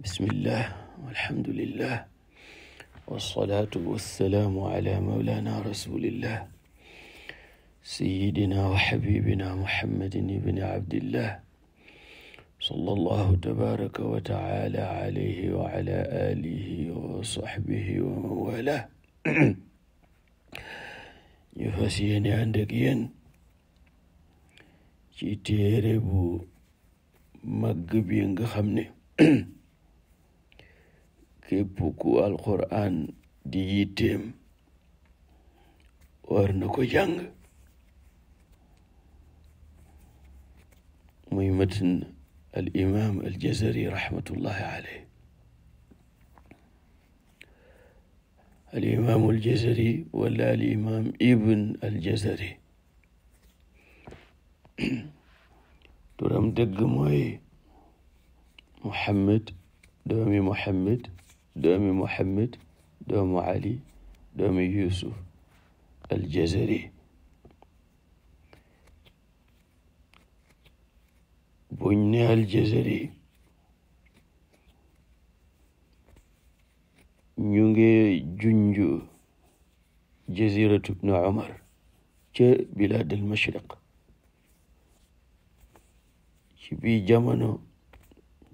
bismillah walhamdulillah walsalaatu wassalaamu ala mawlana rasulillah sayidina wa xabibina muhammadin ibni abdillah sallallahu tabaraka wa taala alayhi wa ala alihi wa sahbihi wa mawala ñu fas yéene ànd ak yéen ci téere bu màgg bi nga xam ne képp ku alquran di yitteem war na ko jàng muy matn al imam al jazari rahmatullahi alayh al imam al jazari wala al imam ibn al jazari turam dëgg mooy Muhammad doomi Muhammad doomi Muhammad doomu Ali doomi Yusuf Aljazari buñ ne Aljazari ñu ngi junju jaziratu bnu Umar ca bilaad al mashriq ci bi jamono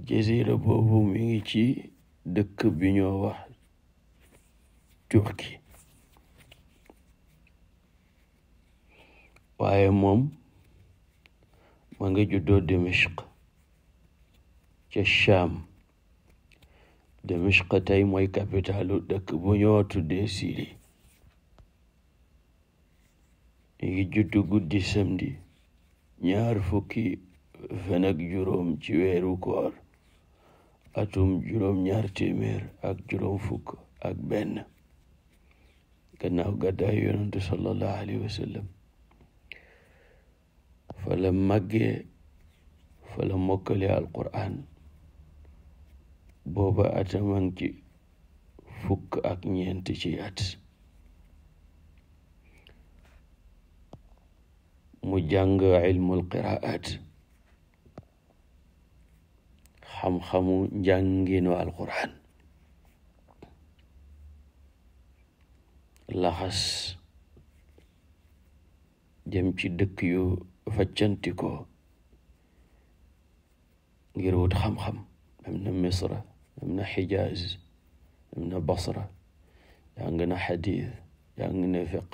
jazira boobu mi ci dëkk bi ñoo wax Turki waaye moom ma nga juddoo Dimashq ca Sham Dimashq tey mooy capitalu dëkk bu ñoo tuddee Syrie ngi juddu guddi samedi ñaar fukki fan ak juróom ci weeru koor atum juróom ñaar téeméer ak juróom fukk ak benn gannaaw gàddaay yonantu sallallahu alayhi wa fa la màggee fa la mokkale alquran booba ataman ci fukk ak ñeent ci at mu jàng ilmul qiraat xam-xamu njànginu alquran laxas jëm ci dëkk yu faccantikoo ngir wut xam-xam na misra dem na xijaaz dem na basra jàng na xadiis jàng na fiq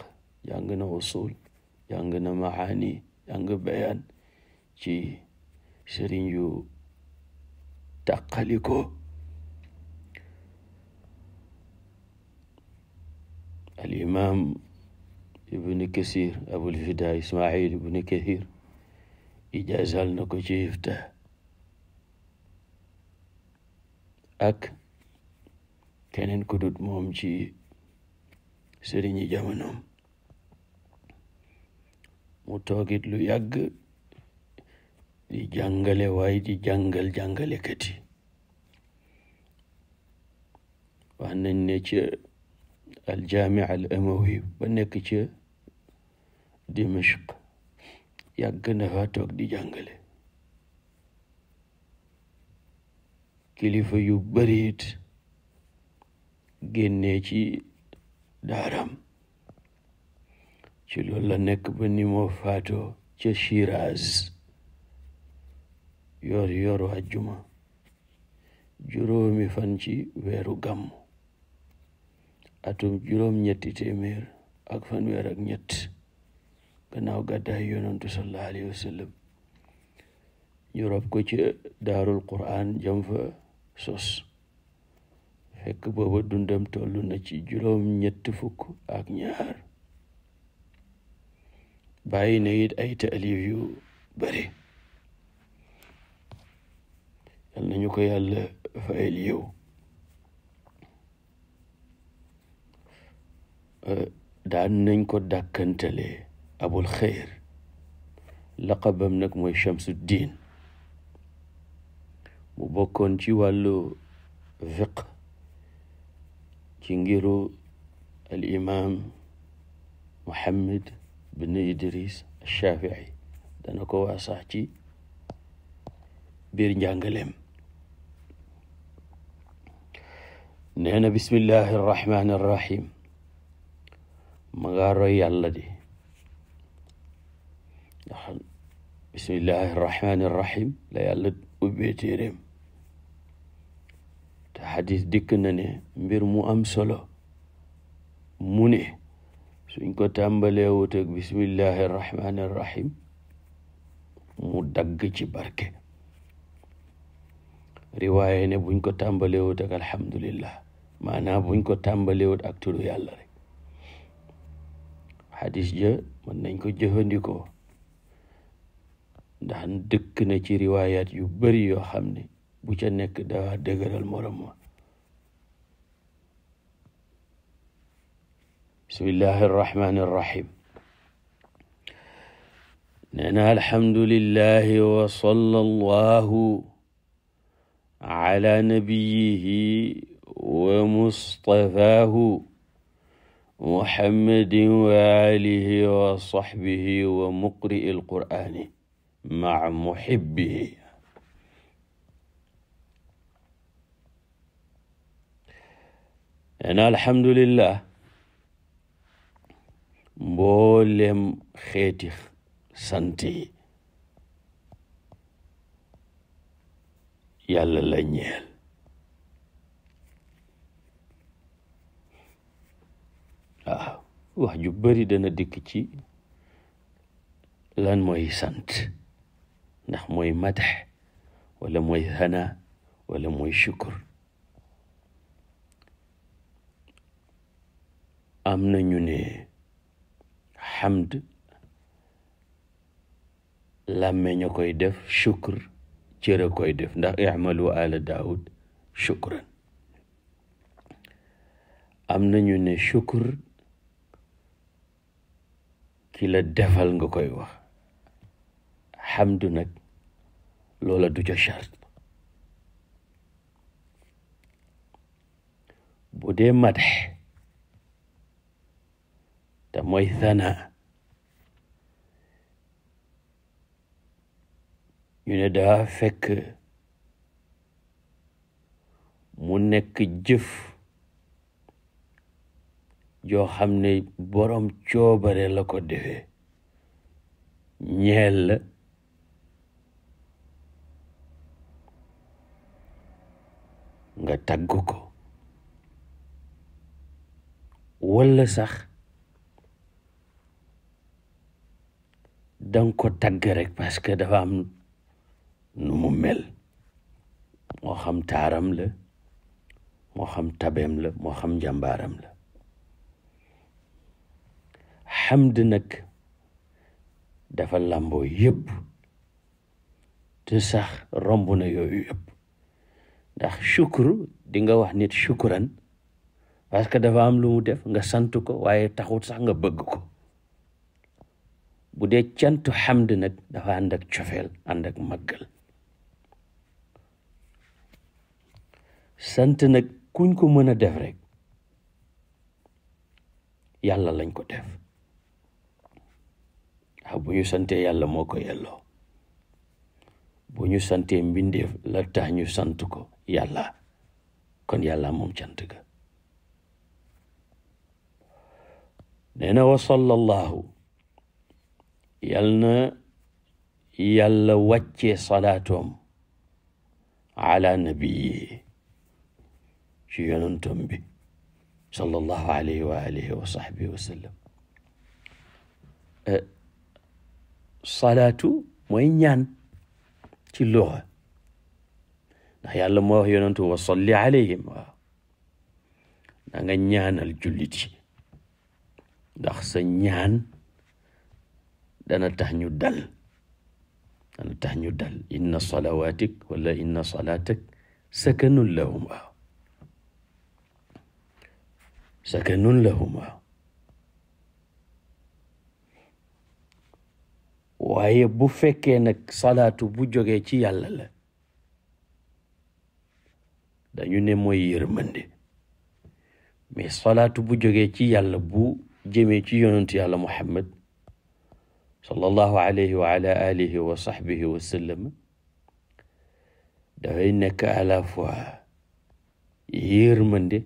jàng na usul jàng na maani jàng bayaan ci sëriñ yu tàqalikoo alimaam ibnu kasir abulfida ismail ibnu kahir ijaasal na ko ci ifta ak keneen ku dut moom ci sëriñi jamonoom mu toogit lu yàgg di jàngale waaye di jàngal jàngalekat yi wax nañ ne ca aljaamia al amawi ba nekk ca dimashq yàgg na fa toog di jàngale kilifa yu barit it génnee ci daaram ci la nekk ba ni moo faatoo ca Shiraz yoor yooru ajjuma juróomi fan ci weeru gàmmu atum juróom ñetti téeméer ak fanweer ak ñett gannaaw gàddaay yonantu sallallahu alayhi ko ci sos fekk booba dundam toll na ci juróom ñett fukk ak ñaar bàyyi na it ay taalif yu bare yal nañu ko yàlla fayal yow eh, daan nañ ko dàkkantale abul xeyr laqabam nag mooy Shamsuddin mu bokkoon ci wàllu fiq ci ngiru al imam Muhammad bin Idris Shafii dana ko waasax ci biir njàngaleem nee na bismillahi irrahmani irrahim ma ngaa roy yàlla di ndax bismillahi irrahmani dikk na ne mbir mu am solo mu ne suñ ko tàmbalee wut ak mu dagg ci barke riwaaye ne buñ ko tàmbalee wut alhamdulillah maanaam buñ ko tàmbalewut ak turu yàlla rek xadis ja mën nañ ko jëfandikoo ndax dëkk na ci riwaayaat yu bari yoo xam ne bu ca nekk daa dëgëral morom ma bismillahi arrahmani arrahim nee na alhamdulillahi wa sallallahu ala nabiyihi wa mustafaahu muhammadin wa aalihi wa sahbihi wa muqri'i alqur'aani ma'a muhibbihi ana alhamdulillah mboolem xeeti sant yi yàlla la ñeel waaw ah, wax ju bari dana dikk ci lan mooy sant ndax mooy madax wala mooy hana wala mooy shukur am na ñu ne xamd làmmeñ a koy def shukur cër koy def ndax i'malu ala daawud shukran am na ñu ne shukur kila defal nga koy wax xamdu nag loola du ca chart bu dee madax te mooy sana ñu ne daa fekk mu nekk jëf joo xam ne borom coobare la ko defee ñeel la nga tagg ko walla sax danga ko tagg rek parce que dafa am numu mu mel moo xam taaram la moo xam tabeem la moo xam njàmbaaram la xam xamd nag dafa làmboo yépp te sax romb na yooyu yëpp ndax shukr dinga wax nit shukran parce que dafa am lu mu def nga sant ko waaye taxut sax nga bëgg ko bu dee cantu xamd nag dafa ànd ak cofeel ànd ak màggal sant nag kuñ ko mën a def rek yàlla lañ ko def ah bu ñu santee yàlla moo ko yelloo bu ñu santee mbindeef la ñu sant ko yàlla kon yàlla moom cant ga nee na wa sallallahu yal na yàlla wàccee salaatoom ala nabiyi ci yonantoom bi sallallahu alayhi wa alihi wa sahbihi wa sallam salaatu mooy ñaan ci luxa ndax yàlla moo wax yonentu wa salli alayhim waaw da nga ñaanal jullit yi ndax sa ñaan dana tax ñu dal dana tax ñu dal inna salawatik wala inna salatak sakanun lahum waaw sakanun lahum waaw waaye bu fekkee nag salaatu bu jógee ci yàlla la dañu ne mooy yërmande mais salaatu bu jógee ci yàlla bu jëmee ci yonentu yàlla muhammad sallallahu alayhi wa ala alihi wa sahbihi wa sallam dafay nekk à la fois yërmande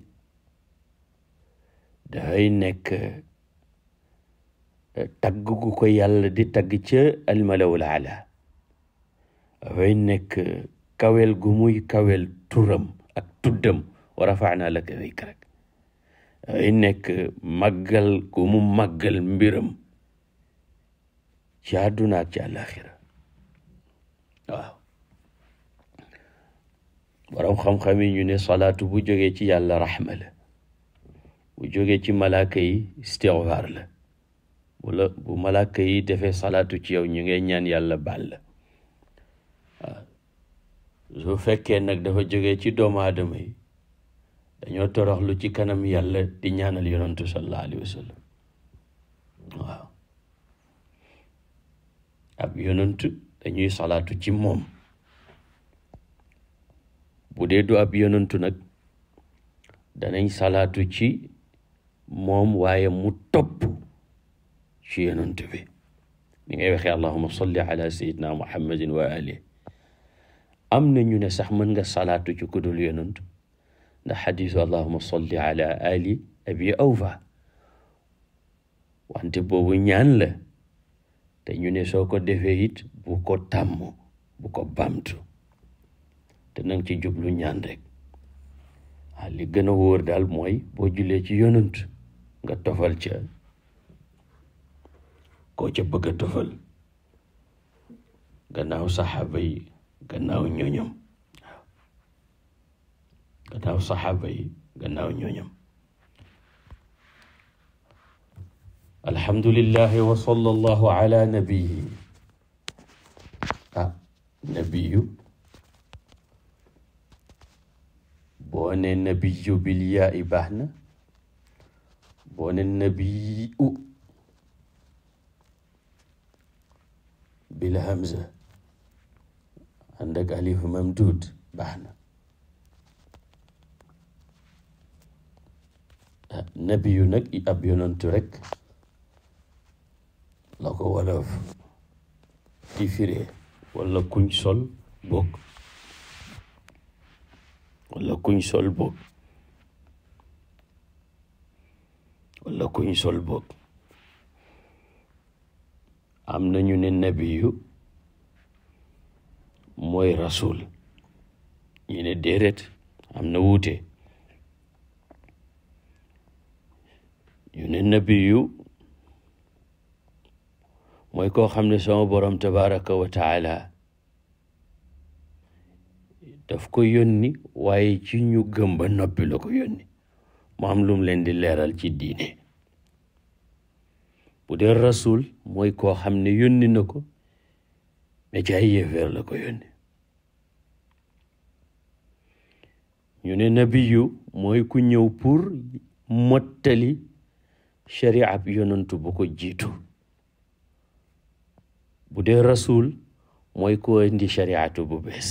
dafay nekk tagg ko yàlla di tagg ca almalawul ala dafay nekk kawel gu kawel turam ak tuddam wa rafaana laka dikrak dafay nekk màggal gu mu màggal mbiram ci àdduna ak ci àlaxira waaw borom xam-xam yi ñu ne salaatu bu jógee ci yàlla raxma la bu jógee ci malaaka bu bu malaaka yi defee salaatu ci yow ñu ngay ñaan yàlla baal la su fekkee nag dafa jógee ci doomu aadama yi dañoo toroxlu ci kanam yàlla di ñaanal yonantu sallallahu alayhi dañuy salaatu ci moom bu dee du ab yonantu nag danañ salaatu ci moom waaye mu topp ci yonent bi li ngay waxee allahuma salli ala sayidna muhammadin wa ali am na ñu ne sax mën nga salaatu ci kudul yonent ndax xadisu allahuma salli ala ali abi awfa wante boobu ñaan la te ñu ne soo ko defee it bu ko tàmm bu ko bamtu te nang ci jublu ñaan rek waaw li gën a wóor daal mooy boo jullee ci yonent nga tofal ca koo ca bëgg a tëfal gannaaw saxaaba yi gannaaw ñooñam waaw gannaaw saxaaba yi gannaaw ñooñam alhamdulillahi wa sallallahu ala nabiyi ah nabiyu boo ne nabiyu bil yaa i baax na boo ne nabiyu bil hamza ànd ak alif mamduud baax na ah, nabi rek la ko wolof di firee wala kuñ sol bokk wala kuñ sol bokk wala kuñ sol bokk am na ñu ne nabiyu mooy rasul ñu ne déedéet am na wuute ñu ne nabiyu mooy koo xam ne sama borom tabaraka wa taala daf ko yónni waaye ci ñu gëm ba noppi la ko yónni mu am lum leen di leeral ci diine bu dee rasul mooy koo xam ne yónni na ko mais ci ay la ko yónni ñu ne nabiyu mooy ku ñëw pour mottali shariab yonantu bu ko jiitu bu dee rasul mooy ko indi shariatu bu bees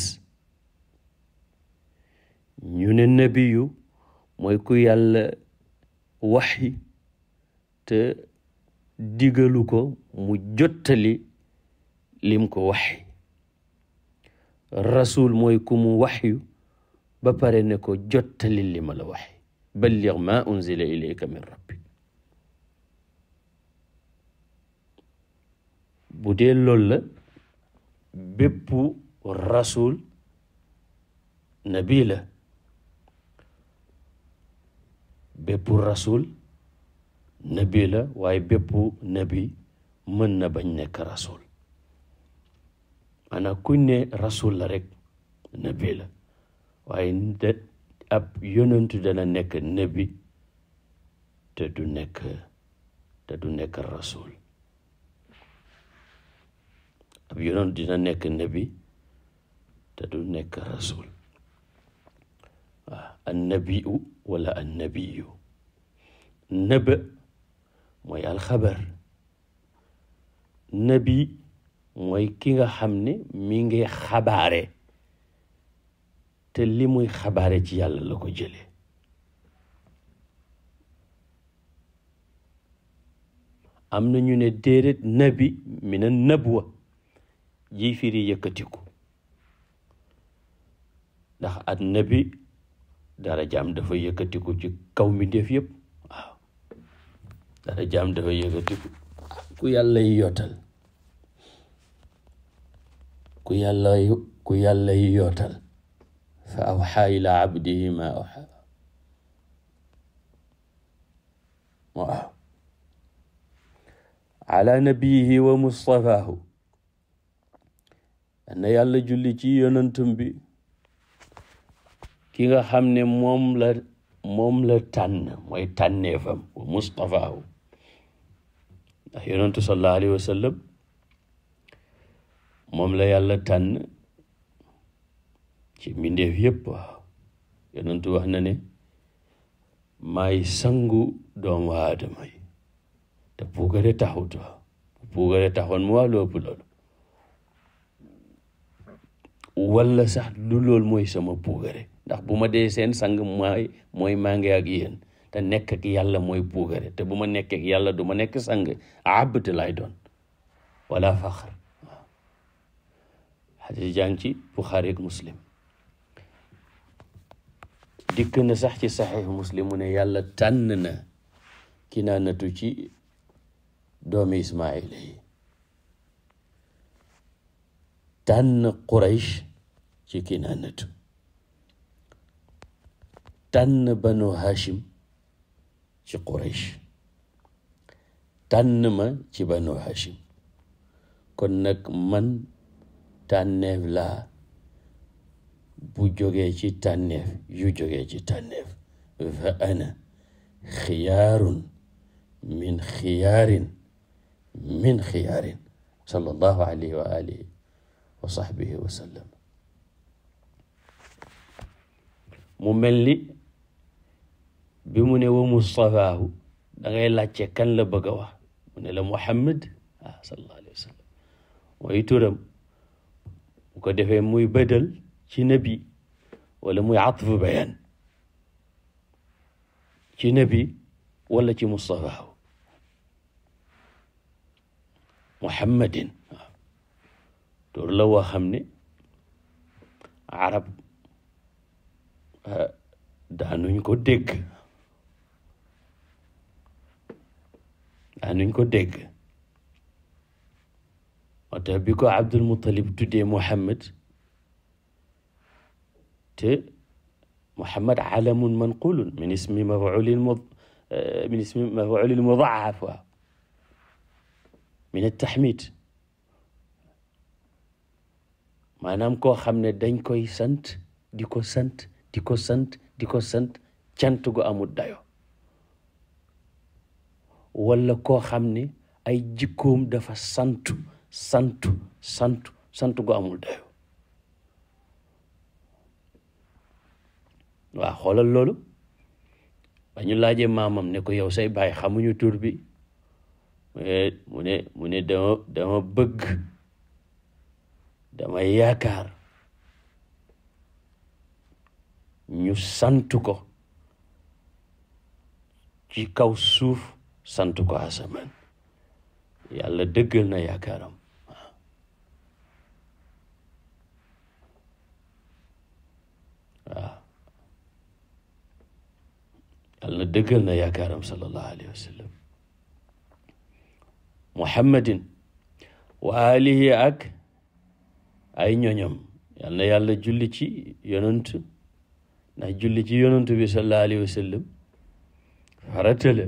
ñu nabiyu mooy ku yàlla waxi te digalu ko mu jottali lim ko waxi rasul mooy ku waxyu ba pare ne ko jottali li ma la waxi balligh ma unzila ilayka min rabbi bu dee loolu la rasul nabi la bépp rasul nabi la waaye bépp nabi mën na bañ nekk rasul maanaam kuñ ne rasul la rekk nabi la waaye ab yonentu dana nekk nabi te du nekk te du nekk rasul ab yonentu dina nekk nabi te du nekk rasul waaw annabiu wala annabiyu naba mooy alxabar nabi mooy ki nga xam ne mi ngi xabaare te li muy xabaare ci yàlla la ko jële am na ñu ne déedéet nabi mina nabwa ji firi yëkkatiku ndax at nabi dara jaam dafa yëkkatiku ci kaw mi def yëpp dara jaam dafa yëkkatiku ku yàlla yootal ku yàlla yootal fa awxaa ila abdihi ma awxaa waaw ala nabiyihi wa mustafaahu na yàlla julli ci yonantum bi ki nga ne moom la moom mooy tànneefam wa mustafaahu ndax yonentu sallallahu alayhi wa moom la yàlla tànn ci mbindeef yépp waaw yonentu wax na ne maay sangu doomu aadama yi te puugare taxut waaw bu puugare taxoon mu wax lu ëpp loolu walla sax lu loolu mooy sama puugare ndax bu ma dee seen sang moy mooy maa ngi ak yéen te nekk ak yàlla mooy puugare te bu ma nekk ak yàlla du ma nekk sang abd laay doon wala faxar waaw xadis ci buxaari ak muslim dikk na sax ci saxiix muslim mu ne yàlla tànn na kinaanatu ci doom ismaila yi tànn quraysh ci kinaanatu tànn banu hashim ci Quraysh tànn ma ci Banu Hashim kon nag man tànneef laa bu jógee ci tànneef yu jógee ci tànneef fa ana xiyaarun min xiyaarin min xiyaarin sallallahu alayhi wa wa sahbihi wa mu mel bi mu ne wa mustafaahu da ngay laajte kan la bëgg a wa mu ne la mu ah sallallahu wa sallam mooy turam bu ko defee muy bëdal ci nabi wala muy atfu bayaan ci nabi wala ci mustafaahu muhammadin waaw tur la woo xam ne arab ah, daanuñ ko dégg daanuñ ko dégg moo tax bi ko Abdul Muttalib tuddee Muhammad te Muhammad alamun manqulun min ismi maf'ulin mud eh, min ismi maf'ulin mudaaf waaw min at-tahmid maanaam koo xam ne dañ koy sant di ko sant di ko sant di ko sant cant gu amul dayo wala koo xam ne ay jikkoom dafa santu santu santu santu gu amul dayo waaw xoolal loolu ba ñu laajee maamam ne ko yow say baay xamuñu tur bi mu ne mu ne dama dama bëgg dama yaakaar ñu sant ko ci kaw suuf sant ko asamaan yàlla dëggal na yaakaaram waaw waaw na yaakaaram sallallahu alayhi wa sallam muhammadin wa alihi ak ay ñoñom yal yàlla julli ci yonent ndax julli ci yonent bi sallallahu alayhi wa sallam farata la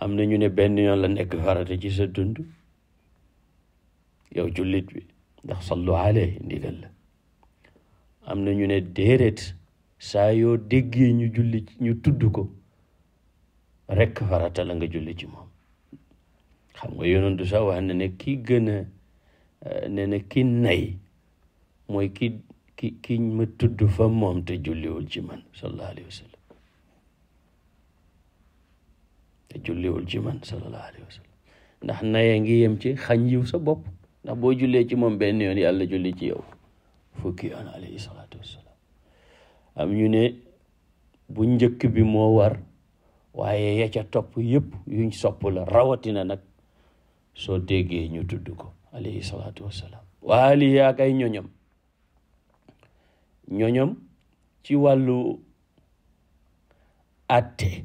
am na ñu ne benn yoon la nekk farata ci sa dund yow jullit bi ndax sallu alayhi ndigal la am na ñu ne déedéet saa yoo déggee ñu julli ñu tudd ko rekk farata la nga julli ci moom xam nga yonentu sax wax na ne ki gën a eh, ne ki nay mooy ki ki ki ma tudd fa moom te julliwul ci man sallallahu alayhi sallam te julliwul ci man sallallahu alayhi wa ndax naye ngi yem ci xañ yiw sa bopp ndax boo jullee ci moom benn yoon yàlla julli ci yow fukki yoon am ñu ne bu njëkk bi moo war waaye ya ca topp yëpp yuñ sopp la rawatina nag soo déggee ñu tudd ko alayhi salaatu wassalaam waali yaak ñoñom ñoñom ci wàllu atte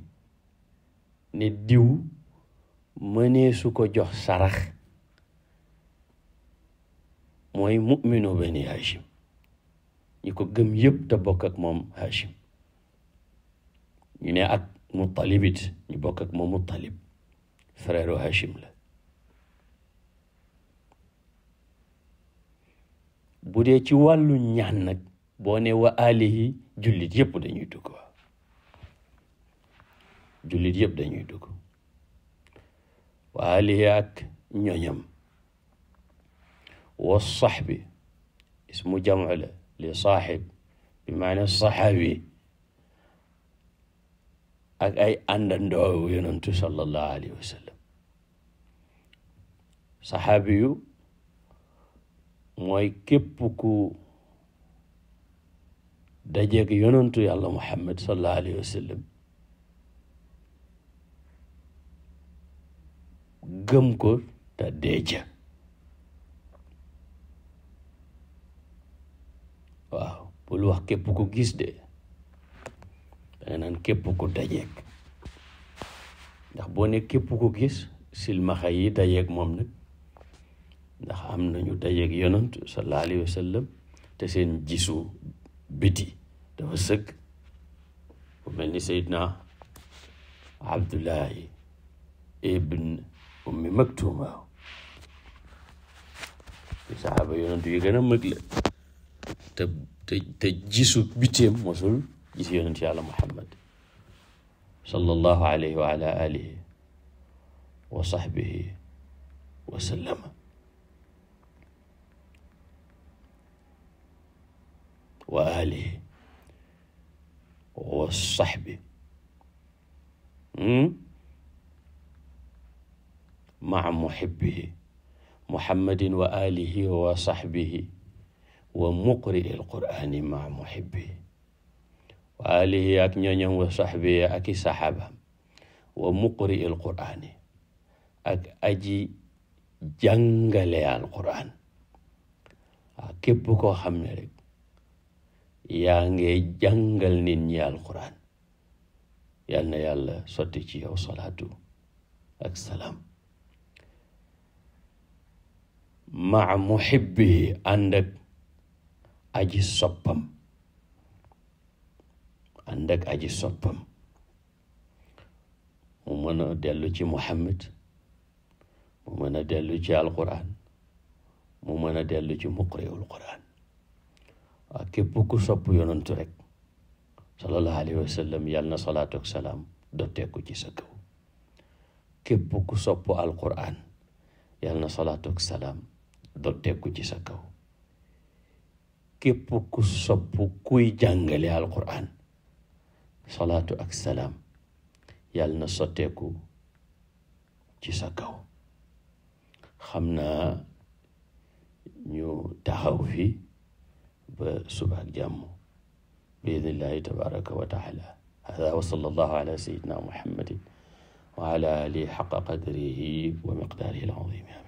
ne diw mënee su ko jox sarax mooy mu'minu bani hachim ñi ko gëm yëpp te bokk ak moom hachim ñu ne ak muttalib it ñu moom muttalib frère hachim la bu dee ci wàllu ñaan nag boo ne wa alihi jullit yëpp dañuy dugg jullit yëpp dañuy dugg wa alihi ak ñoñam wa saxbi ismu jamu la li saaxib bi maana saxaabi ak ay àndandoo yonentu sallallahu alayhi wa sallam mooy képp ku dajeeg yonentu yàlla muhammad sallallahu alayhi wa gëm ko te ca waaw bul wax képp ko gis de danga naan képp ku dajeeg ndax boo ne képp ko gis silmaxa yi dajeeg moom nag ndax am nañu dajeeg yonant sallallahu alayhi wa te seen gisu biti dafa sëgg bu mel ni Seydina Abdullahi ibn ummi maktuma ci saxaaba yonent yi gën a mag la te te te gisu bitéem mosul gis yonent yàlla muhammad sallallahu alayhi wa ala alihi wa sahbihi wa sallama wa alihi wa sahbihi hmm? maa muhibbihi muhammadin wa alihi wa sahbihi wa muqri il qur'ani maa muhibbihi wa alihi ak ñooñam wa sahbihi ak i saxaabaam wa muqri il qur'ani ak aji jàngale al qur'an waaw képp koo xam ne rek yaa ngi jàngal nit ñi al qur'an yal na yàlla sotti ci yow salaatu ak salaam ma muhibbihi ànd ak aji soppam ànd aji soppam mu mën a dellu ci Muhammad mu mën a dellu ci alquran mu mën a dellu ci muqriul quran waa képp ku sopp yonantu rek sallallahu alayhi wa sallam na salaatu ak salaam dotteeku ci sa kaw képp ku sopp alquran yàlla na salaatu salaam dotteeku ci sa kaw képp ku sopp kuy jàngale salaatu ak salaam yàlla na sotteeku ci sa kaw xam naa ñu fi ba suba ak jàmm biidnillahi tabaraka wa taala wa sallallahu ala sayyidina wa ala alihi xaqa wa miqdaarihi al